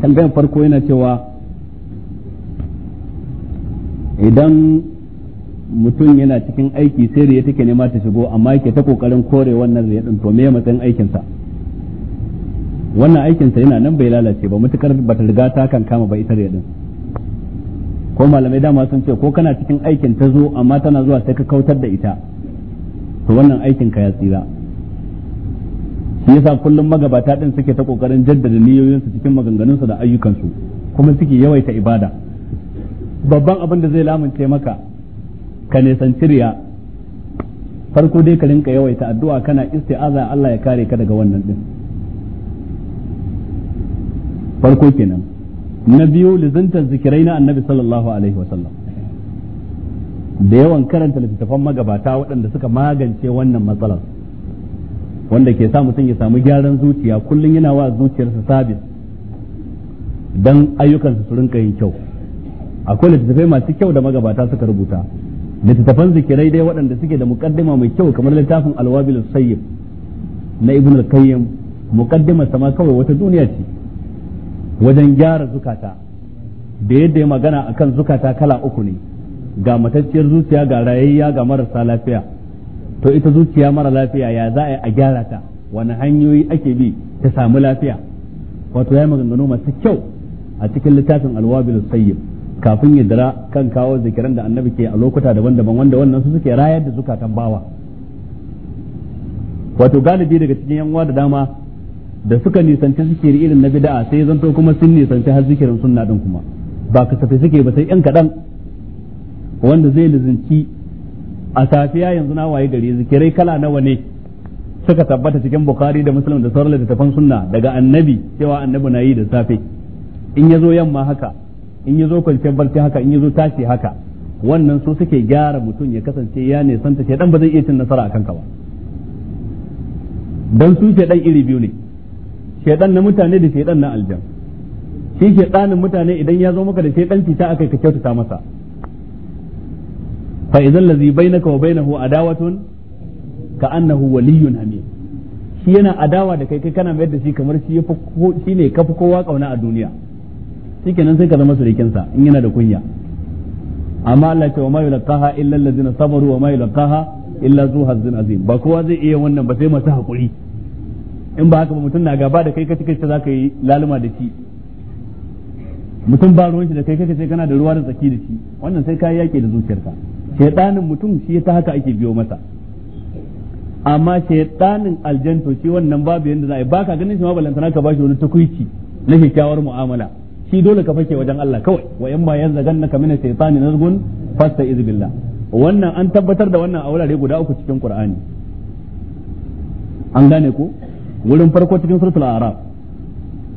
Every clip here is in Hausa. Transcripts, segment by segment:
tambayan farko yana cewa idan mutum yana cikin aiki sai riya take nema ta shigo amma yake ta kokarin kore wannan riya din to me matsayin aikinsa wannan aikinsa yana nan bai lalace ba matukar bata riga ta kan kama ba ita riya din ko malamai dama sun ce ko kana cikin aikin ta zo amma tana zuwa sai ka kautar da ita to wannan aikin ka ya tsira shi yasa kullum magabata din suke ta kokarin jaddada niyoyinsu cikin maganganunsu da ayyukansu kuma suke yawaita ibada babban abin da zai lamunce maka ka nisanci riya farko dai ka rinka yawaita addu'a kana isti'aza Allah ya kare ka daga wannan din farko kenan na biyu lizintar zikirai na annabi sallallahu alaihi wasallam da yawan karanta littattafan magabata waɗanda suka magance wannan matsalar wanda ke sa mutum ya samu gyaran zuciya kullum yana wa zuciyarsa sabis don ayyukansa su rinka yin kyau akwai littattafai masu kyau da magabata suka rubuta littattafan zikirai dai waɗanda suke da mukaddima mai kyau kamar littafin alwabil sayyib na ibn al-qayyim sama kawai wata duniya ce wajen gyara zukata da yadda ya magana akan zukata kala uku ne ga matacciyar zuciya ga rayayya ga marasa lafiya to ita zuciya mara lafiya ya za a yi a gyara ta wani hanyoyi ake bi ta samu lafiya wato ya maganganu masu kyau a cikin littafin alwabil sayyib kafin ya dira kan kawo zikiran da annabi ke a lokuta daban-daban wanda wannan su suke rayar da zukatan bawa wato galibi daga cikin yanwa da dama da suka nisanci da irin na bid'a sai zanto kuma sun nisanci har zikirin sunna din kuma ba kasafai suke ba sai yan kaɗan wanda zai lizinci a safiya yanzu na waye gari zikirai kala nawa ne suka tabbata cikin bukhari da muslim da sauran littattafan sunna daga annabi cewa annabi na yi da safe in ya zo yamma haka in ya zo kwanciyar barci haka in ya zo tashi haka wannan su suke gyara mutum ya kasance ya ne nisanta shaidan ba zai iya cin nasara a kanka ba dan su shaidan iri biyu ne shaidan na mutane da shaidan na aljan shi shaidanin mutane idan ya zo maka da shaidan ta akai ka kyautata masa fa idan lazi bainaka wa bainahu adawatun ka annahu waliyun hamim shi yana adawa da kai kai kana mayar da shi kamar shi shi ne kafi kowa kauna a duniya shikenan sai ka zama surikin sa in yana da kunya amma Allah ce wa ma yulqaha illa allazina sabaru wa ma yulqaha illa zu hazzin azim ba kowa zai iya wannan ba sai masu hakuri in ba haka ba mutum na gaba da kai kace kace ka yi laluma da shi mutum ba ruwan shi da kai kace kana da ruwa da tsaki da shi wannan sai ka yaƙi da zuciyarka shaitanin mutum shi ta haka ake biyo masa amma shaitanin aljanto shi wannan babu yanda za a yi baka ganin shi ma balantana ka bashi wani tukuici na kyakkyawar mu'amala shi dole ka fake wajen Allah kawai wa in ma ka mina shaytanin nazgun fasta'iz billah wannan an tabbatar da wannan a wurare guda uku cikin Qur'ani an gane ko wurin farko cikin suratul a'raf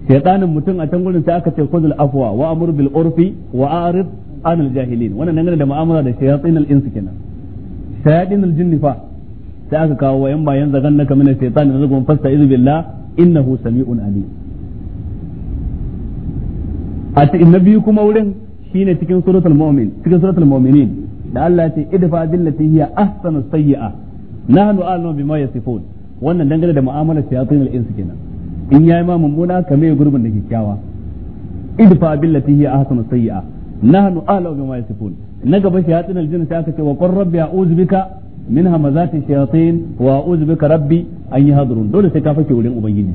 shaitanin mutum a can gurin sai aka ce kuzul afwa wa amur bil urfi wa arid anil jahilin wannan dangane da mu'amala da shayatin al-insu kenan shayatin al-jinni fa sai aka kawo wa yan bayan zagan naka min shaytan da zagon fasta iz billah innahu sami'un alim a cikin biyu kuma wurin shine cikin suratul mu'min cikin suratul mu'minin da Allah ya ce idfa billati hiya ahsanu sayyi'a nahnu a'lamu bima yasifun wannan dangane da mu'amalar shayatin al-insu kenan in yayi ma mummuna kame gurbin da kyakkyawa idfa billati hiya ahsanu sayyi'a nahnu a'lamu bima yasifun na gaba shayatin aljin sai aka ce wa qur rabbi a'udhu bika min hamazati shayatin wa a'udhu bika rabbi an yahdurun dole sai ka fake wurin ubangiji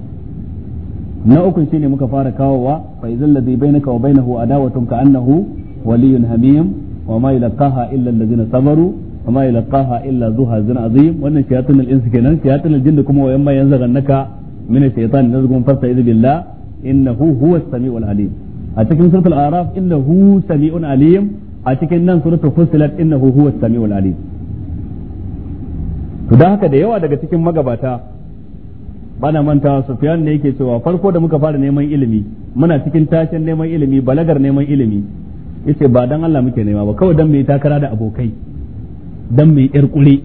na uku ne muka fara kawowa fa idzal ladhi bainaka wa bainahu adawatun ka annahu waliyyun hamim wa ma yalqaha illa alladhina sabaru wa ma yalqaha illa dhu hazin azim wannan shayatin aljin kenan shayatin kuma wa yamma yanzaganaka min ash-shaytan nazgun fasta huwa samiul alim a cikin suratul araf innahu sami'un alim a cikin nan suratul fusilat innahu huwa sami'ul alim to dan haka da yawa daga cikin magabata bana manta Sufyan ne yake cewa farko da muka fara neman ilimi muna cikin tashin neman ilimi balagar neman ilimi yace ba dan Allah muke nema ba kawai dan mai takara da abokai dan mai yar kure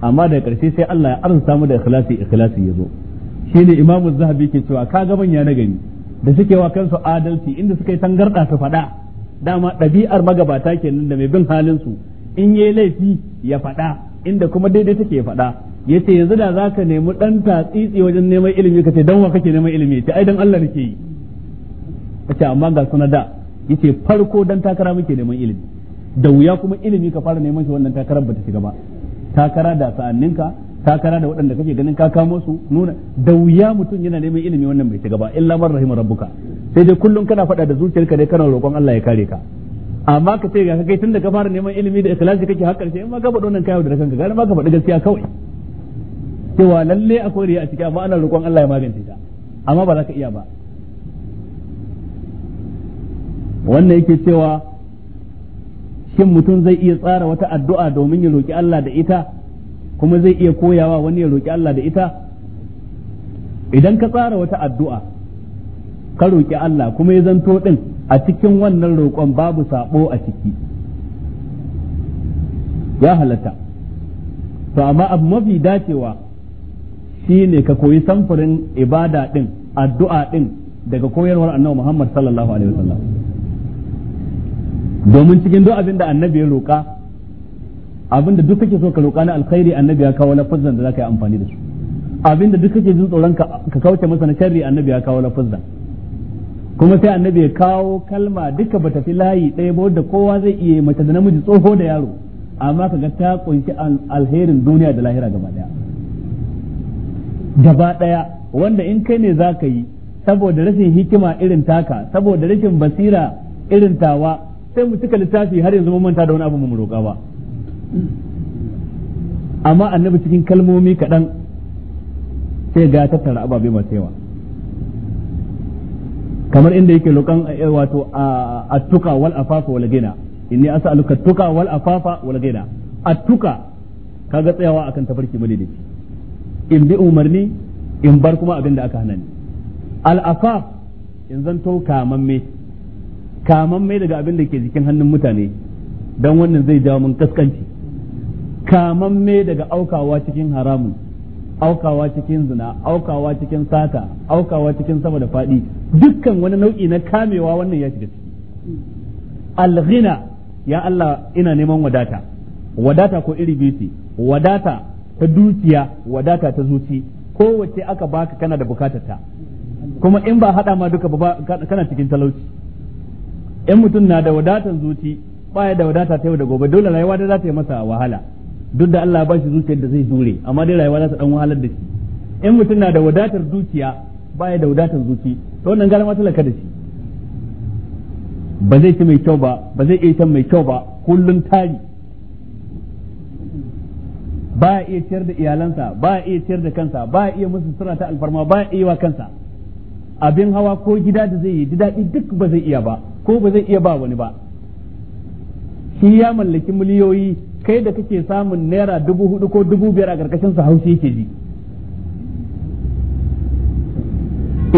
amma da karshe sai Allah ya arzuta mu da ikhlasi ikhlasi yazo shine imamu zahabi ke cewa ka gaban ya na gani da suke wa kansu adalci inda suka yi tangarda su faɗa dama ɗabi'ar magabata kenan da mai bin halin su in yayi laifi ya faɗa inda kuma daidai take ya faɗa yace yanzu da zaka nemi ɗan tatsitsi wajen neman ilimi kace dan wa kake neman ilimi ce ai dan Allah nake yi kace amma ga suna da yace farko dan takara muke neman ilimi da wuya kuma ilimi ka fara neman shi wannan takarar ba ta shiga ba takara da sa'anninka takara da waɗanda kake ganin ka kamo su nuna da wuya mutum yana neman ilimi wannan bai shiga ba illa man rahimar rabbuka sai dai kullum kana faɗa da zuciyarka dai kana roƙon Allah ya kare ka amma ka ce ga kai tunda ka fara neman ilimi da ikhlasi kake har karshe in ma ka faɗi wannan kayo da kanka gane ma ka faɗi gaskiya kawai cewa lalle akwai riya a ciki amma ana roƙon Allah ya magance ta amma ba za ka iya ba wannan yake cewa shin mutum zai iya tsara wata addu'a domin ya roƙi Allah da ita kuma zai iya koyawa wani ya roƙi Allah da ita idan ka tsara wata addu'a ka roƙi Allah kuma ya zanto din a cikin wannan roƙon babu saɓo a ciki ya halatta to amma abu mafi dacewa shi ne ka koyi samfurin ibada din addu'a din daga koyarwar annabi Muhammad sallallahu alaihi wasallam domin cikin duk abin da annabi ya roƙa abinda duk kake so ka roƙa na alkhairi annabi ya kawo lafazan da ka yi amfani da su abinda duk kake jin tsoron ka kauce masa na sharri annabi ya kawo lafazan kuma sai annabi ya kawo kalma duka bata fi layi ɗaya ba wanda kowa zai iya mace da namiji tsoho da yaro amma kaga ta kunshi alherin duniya da lahira gaba daya gaba daya wanda in kai ne za ka yi saboda rashin hikima irin taka saboda rashin basira irin tawa sai mu cika littafi har yanzu mun manta da wani abu mu roƙa ba amma annabi cikin kalmomi kaɗan sai ga tattara ababe masu yawa kamar inda yake lokan eh, wato attuka wal afafa wal gina inni as'aluka tuka wal afafa wal gina attuka kaga tsayawa akan tafarki madaidaici in bi umarni in bar kuma abin da aka hana ni al afaf in zanto kamamme kamamme daga abin da ke jikin hannun mutane dan wannan zai jawo mun kaskanci kamamme daga aukawa cikin haramun aukawa cikin zina aukawa cikin sata aukawa cikin sama da faɗi dukkan wani nau'i na kamewa wannan ya shiga ciki alghina ya Allah ina neman wadata wadata ko iri biyu wadata ta dukiya wadata ta zuci kowace aka baka kana da ta kuma in ba hada ma duka ba kana cikin talauci in mutum na da wadatan zuci baya da wadata ta yau da gobe dole rayuwa da za ta yi masa wahala duk da Allah ba shi zuciyar da zai zure amma dai rayuwa za ta dan wahalar da shi in mutum na da wadatar dukiya baya da wadatar zuci to wannan gara ma talaka da shi ba zai ci mai kyau ba ba zai iya mai kyau ba kullun tari ba iya ciyar da iyalansa ba iya ciyar da kansa ba iya musu sura ta alfarma ba iya wa kansa abin hawa ko gida da zai yi ji daɗi duk ba zai iya ba ko ba zai iya ba wani ba shi ya mallaki miliyoyi kai da kake samun naira dubu hudu ko dubu biyar a ƙarƙashin su haushi yake ji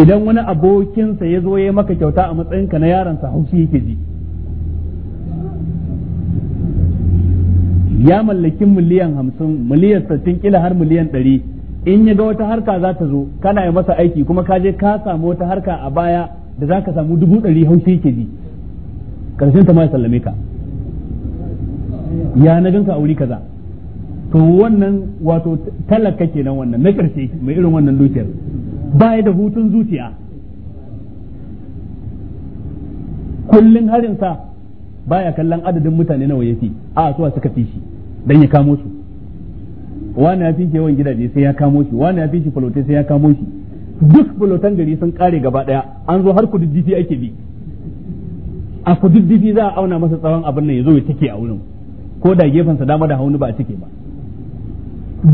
idan wani abokinsa ya zo ya maka kyauta a matsayinka na sa haushi yake ji ya mallaki miliyan hamsin miliyan satin kila har miliyan ɗari in ya ga wata harka za ta zo kana yi masa aiki kuma ka je ka samu wata harka a baya da za ka samu dubu ɗari haushi yake ji ƙarshen ta ma sallame ka ya na ganka auri kaza to wannan wato talaka kenan wannan na karshe mai irin wannan dukiyar ya da hutun zuciya kullun harinsa baya kallon adadin mutane nawa fi a suwa suka fi shi dan ya kamo su wani ya fi shi yawan gidaje sai ya kamo shi wani ya fi shi falote sai ya kamo shi duk falotan gari sun kare gaba daya an zo har kududdifi ake bi a kududdifi za a auna masa tsawon abin nan ya zo ya take a wurin ko da gefen sa dama da haunu ba a cike ba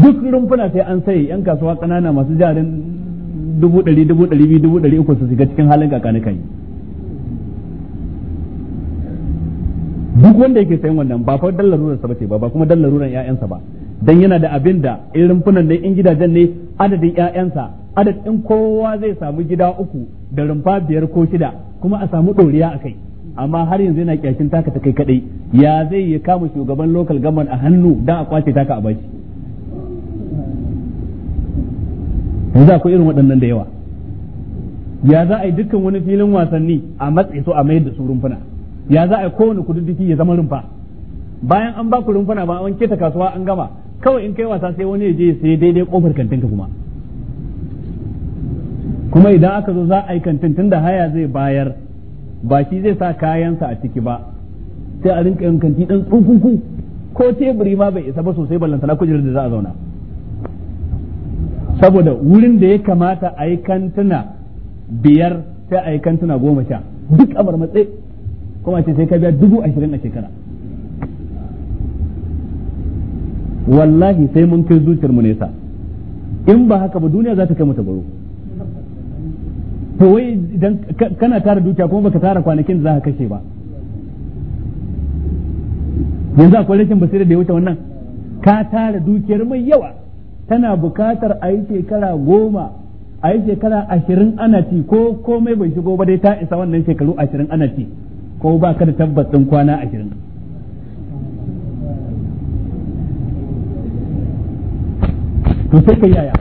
duk rumfuna sai an sai yan kasuwa kanana masu jarin dubu ɗari dubu ɗari biyu dubu ɗari uku su shiga cikin halin kakanikan yi duk wanda yake sayan wannan ba fa dallarurar sa bace ba ba kuma dallaruran ƴaƴansa ba dan yana da abin da irin rumfunan da in gidajen ne adadin ƴaƴansa adadin kowa zai samu gida uku da rumfa biyar ko shida kuma a samu ɗoriya a kai amma har yanzu yana kyakin taka ta kai kadai ya zai ya kama shugaban local government a hannu dan a kwace taka a baki yanzu akwai irin waɗannan da yawa ya za a yi dukkan wani filin wasanni a matse su a mayar da su rumfuna ya za a yi kowane duki ya zama rumfa bayan an baku rumfuna ba an keta kasuwa an gama kawai in kai wasa sai wani ya je sai daidai kofar kantinka kuma kuma idan aka zo za a yi kantin tun da haya zai bayar ba shi zai sa kayansa a ciki ba sai a rinka yankanti dan tsufuku ko teburi ma bai isa ba sosai ballanta na kujerar da za a zauna saboda wurin da ya kamata a yi kantuna biyar sai a yi kantuna goma sha duk a marmatse kuma ce sai ka biya dubu ashirin a shekara wallahi sai mun kai zuciyar mu nesa in ba haka ba duniya za ta kai mu ta baro to wai idan kana tara dukiya kuma baka tara kwanakin da za ka kashe ba yanzu akwai rashin basira da ya wuce wannan ka tara dukiyar mai yawa tana bukatar a yi shekara goma a yi shekara ashirin ana ci ko komai bai shigo ba dai ta isa wannan shekaru ashirin ana ci ko ba ka da tabbas ɗin kwana ashirin to sai ka yaya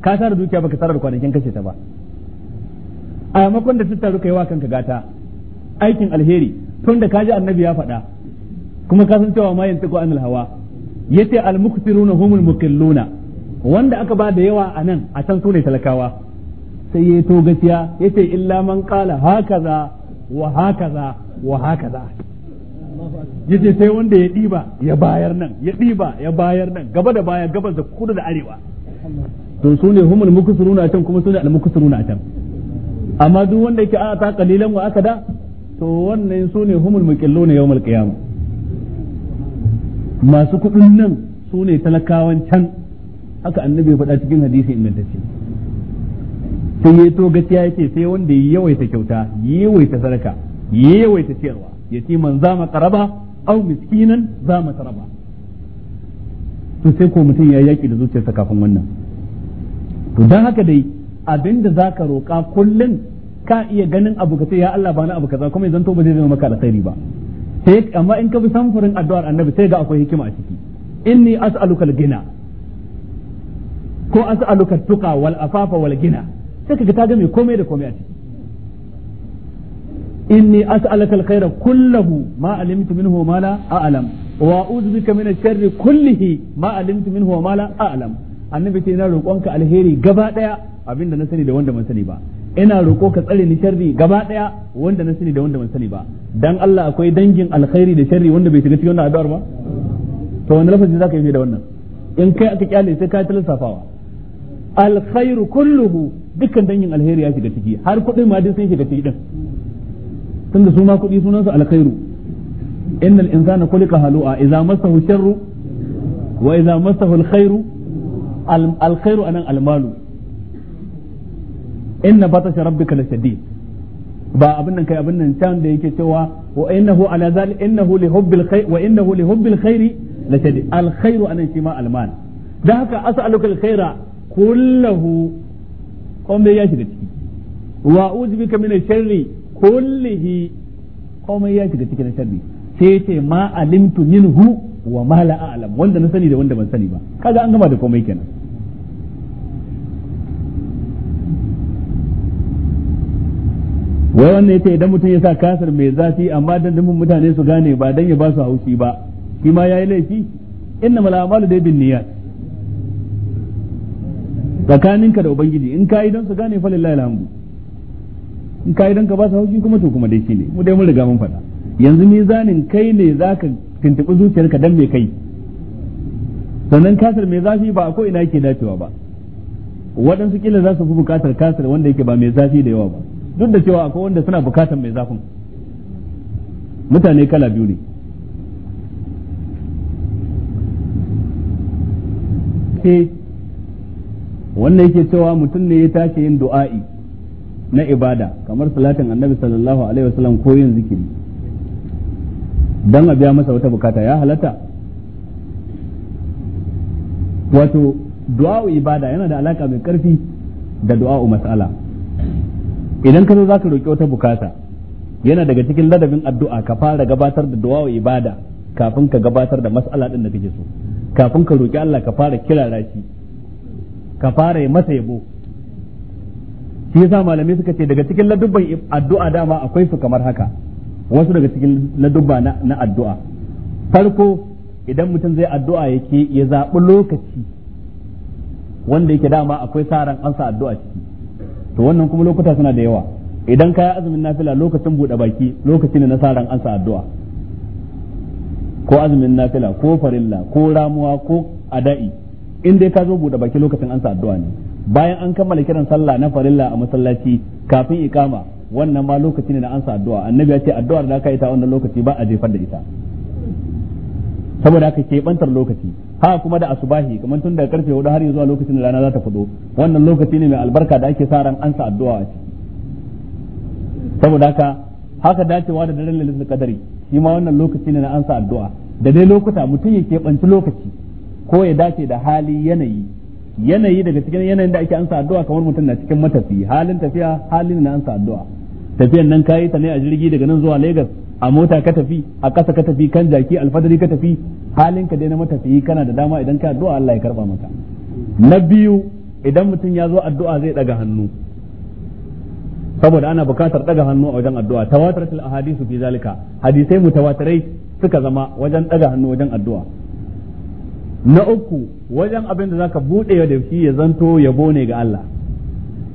ka tara dukiya baka tara da kwanakin kashe ta ba a makon da tattaru kai wa kanka gata aikin alheri tun da kaji annabi ya faɗa kuma ka san cewa ma tuko anil hawa yace al muktiruna humul mukilluna wanda aka ba da yawa anan a can sune talakawa sai yayi to gaciya yace illa man qala hakaza wa hakaza wa hakaza yace sai wanda ya diba ya bayar nan ya diba ya bayar nan gaba da baya gabas da kudu da arewa to sune humul mukusiruna a can kuma sune al mukusiruna a can amma duk wanda yake a ta kalilan wa aka to wannan sune humul muqillu ne yawmal qiyamah masu kudin nan sune talakawan can haka annabi faɗa cikin hadisi ingantacce sai ya to gaskiya yake sai wanda ya yawaita kyauta yawaita sadaka yawaita ya ce man zama qaraba au miskinan zama taraba to sai ko mutum ya yaki da zuciyarsa kafin wannan to dan haka dai abinda zaka roka kullun ka iya ganin abu ka ce ya Allah ba na abu kaza kuma yanzu to ba zai zama maka alkhairi ba sai amma in ka bi samfurin addu'ar annabi sai ga akwai hikima a ciki inni as'aluka al gina. ko as'aluka tuqa wal afafa wal gina. sai kaga ta gami komai da komai a ciki inni as'aluka al-khaira kullahu ma alimtu minhu ma la a'lam wa a'udhu bika min ash-sharri kullihi ma alimtu minhu ma la a'lam annabi ce na roƙonka alheri gaba daya abinda na sani da wanda ban sani ba ina roƙo ka tsare ni sharri gaba ɗaya wanda na sani da wanda ban sani ba dan Allah akwai dangin alkhairi da sharri wanda bai shiga cikin wannan addu'ar ba to wani lafazi zaka yi da wannan in kai aka kyale sai ka talasafawa alkhairu kulluhu dukkan dangin alheri ya shiga ciki har kuɗin ma duk sun shiga ciki din tunda su ma kuɗi sunan su alkhairu innal insana kuli halu'a idza massahu sharru wa idza massahu alkhairu alkhairu anan almalu inna batasha rabbika lashadid ba abin nan kai abin nan can da yake cewa wa innahu ala zal innahu li hubbil khair wa innahu li hubbil khairi lashadid al khairu anan shi ma alman dan haka as'aluka al khaira kullahu komai ya shiga ciki wa uzbika min al sharri kullihi komai ya shiga cikin sharri sai ce ma alimtu minhu wa ma la a'lam wanda na sani da wanda ban sani ba kaga an gama da komai kenan wai wannan yace idan mutum ya sa kasar mai zafi amma dan dumin mutane su gane ba dan ya ba su haushi ba shi ma yayi laifi innamal a'malu da bin niyyat tsakaninka da ubangiji in ka idan su gane fa lillahi alhamdu in ka idan ka ba su haushi kuma to kuma dai shine mu dai mun riga mun faɗa yanzu ni zanin kai ne zaka tuntuɓi zuciyarka dan me kai sannan kasar mai zafi ba a ko ina yake dacewa ba waɗansu kila za su fi buƙatar kasar wanda yake ba mai zafi da yawa ba duk da cewa akwai wanda suna bukatan mai zafin mutane kala biyu ne ce wannan yake cewa mutum ne ya tashi yin du'a'i na ibada kamar salatin annabi sallallahu alaihi wasallam ko yin zikiri don a biya masa wata bukata ya halatta wato du'a'u ibada yana da alaka mai karfi da du'a'u mas'ala idan ka zo za ka roki wata bukata yana daga cikin ladabin addu'a ka fara gabatar da du'a wa ibada kafin ka gabatar da mas'ala din da kake so kafin ka roki Allah ka fara kirara shi ka fara masa yabo shi yasa malamai suka ce daga cikin ladubban addu'a dama akwai su kamar haka wasu daga cikin ladubba na, addu'a farko idan mutum zai addu'a yake ya zaɓi lokaci wanda yake dama akwai sa ran sa addu'a ciki to wannan kuma lokuta suna da yawa idan ka azumin nafila lokacin buɗe baki lokacin na saran ansa addu'a ko azumin nafila ko farilla ko ramuwa ko ada'i in dai ka zo buɗe baki lokacin ansa addu'a ne bayan an kammala kiran sallah na farilla a masallaci kafin ikama wannan ma lokaci ne na ansa addu'a annabi ya ce addu'ar da aka yi ta wannan lokaci ba a jefar da ita saboda ke keɓantar lokaci ha kuma da asubahi kamar tun daga karfe hudu har zuwa lokacin da rana za ta fito wannan lokaci ne mai albarka da ake sa ran ansa addu'a a saboda haka haka dacewa da daren lalisa kadari shi ma wannan lokaci ne na ansa addu'a da dai lokuta mutum ya keɓanci lokaci ko ya dace da hali yanayi yanayi daga cikin yanayin da ake ansa addu'a kamar mutum na cikin matafi halin tafiya halin na ansa addu'a tafiyan nan kayi ta ne a jirgi daga nan zuwa Legas. a mota ka tafi a ƙasa ka tafi kan jaki alfadari ka tafi halin ka dai na matafiyi kana da dama idan ka addu'a Allah ya karba maka na biyu idan mutum ya zo addu'a zai daga hannu saboda ana bukatar daga hannu a wajen addu'a tawatiratul ahadisu fi zalika hadisai mutawatirai suka zama wajen daga hannu wajen addu'a na uku wajen abin da zaka bude da shi ya zanto yabo ne ga Allah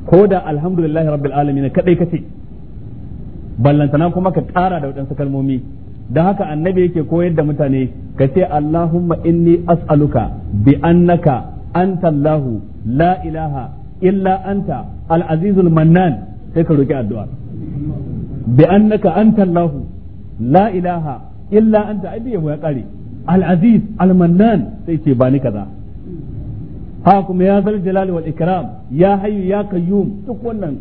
ko da alhamdulillahi rabbil alamin kadai kace ballantana kuma ka ƙara da waɗansu kalmomi da haka annabi yake koyar da mutane ka ce Allahumma inni as'aluka bi annaka anta Allahu la ilaha illa anta al-azizul mannan sai ka roki addu'a bi annaka anta Allahu la ilaha illa anta ai yabo ya kare al-aziz al-mannan sai ce ba ni kaza ha kuma ya zal jalali wal ikram ya hayyu ya kayyum, duk wannan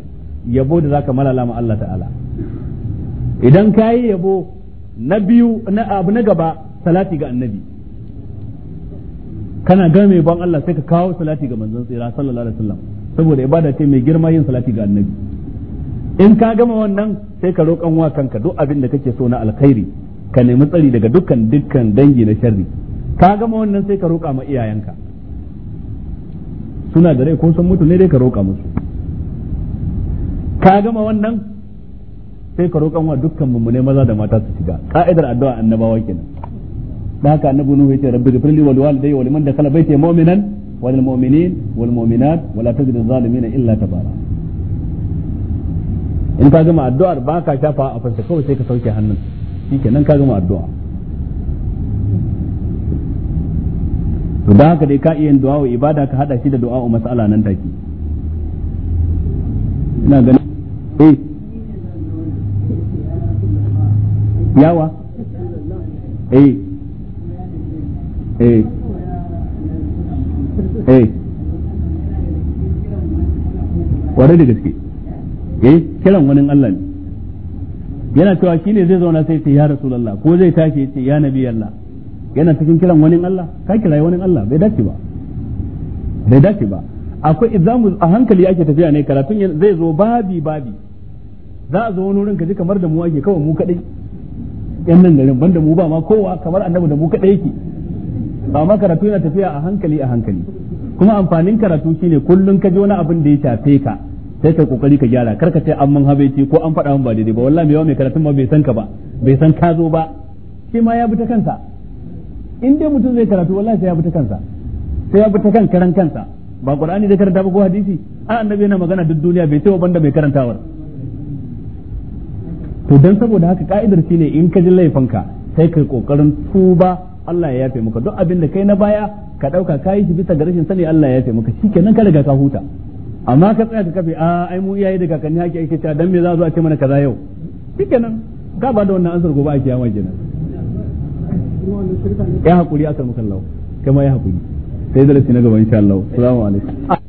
yabo da zaka malala ma Allah ta'ala idan ka yi yabo na biyu na abu na gaba salati ga annabi kana ga mai ban Allah sai ka kawo salati ga manzon tsira sallallahu alaihi wasallam saboda ibada ce mai girma yin salati ga annabi in ka gama wannan sai ka roƙan wa kanka duk abin da kake so na alkhairi ka nemi tsari daga dukkan dukkan dangi na sharri ka gama wannan sai ka roƙa ma iyayenka suna da rai ko sun mutu ne dai ka roƙa musu ka gama wannan sai ka roƙon wa dukkan mummune maza da mata su shiga ka'idar addu'a annabawa kenan da haka annabi nuhu yace rabbi ghfirli wal walidayya wal liman dakhala baytiya mu'minan wal mu'minin wal mu'minat wala tajid zalimin illa tabara in ka gama addu'ar ba ka shafa a fanta kawai sai ka sauke hannun nan ka gama addu'a to da haka dai ka iya yin du'a wa ibada ka hada shi da du'a wa mas'ala nan take ina ganin eh yawa eh eh eh kware da gaske eh kiran wani Allah ne yana cewa shi ne zai zauna sai ce ya rasulullah ko zai tashi ce ya nabi Allah yana cikin kiran wani Allah ka kira wani Allah bai dace ba bai dace ba akwai izamu a hankali ake tafiya ne karatun zai zo babi babi za a zo wani wurin ka ji kamar da mu ake kawai mu kadai yan nan garin banda mu ba ma kowa kamar annabi da mu kaɗai yake ba ma karatu yana tafiya a hankali a hankali kuma amfanin karatu shine kullun ka ji wani abin da ya shafe ka sai ka kokari ka gyara karka ce an mun habaici ko an faɗa mun ba daidai ba wallahi mai yawa mai karatun ma bai san ka ba bai san ka zo ba shi ma ya bi ta kansa in dai mutum zai karatu wallahi sai ya bi ta kansa sai ya bi ta kan karan kansa ba qur'ani da karanta ba ko hadisi an annabi yana magana duk duniya bai ce wa banda mai karantawar to dan saboda haka ka'idar shine in ka ji laifinka sai kai kokarin tuba Allah ya yafe maka duk abin da kai na baya ka dauka kai shi bisa ga rashin sani Allah ya yafe maka shikenan ka riga ka huta amma ka tsaya ka kafe a ai mu iyaye da kakanni hake ake cewa dan me za zo a ce mana kaza yau shikenan ka ba da wannan ansar gobe a kiyama kenan ya hakuri akan mukallahu kai ma ya hakuri sai darasi na gaba insha Allah assalamu alaikum